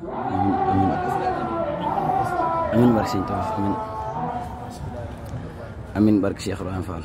amin barke sëñ Tuubaa amin amin barke Cheikh Ibrahima Fall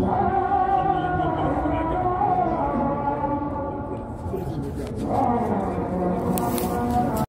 Yeah.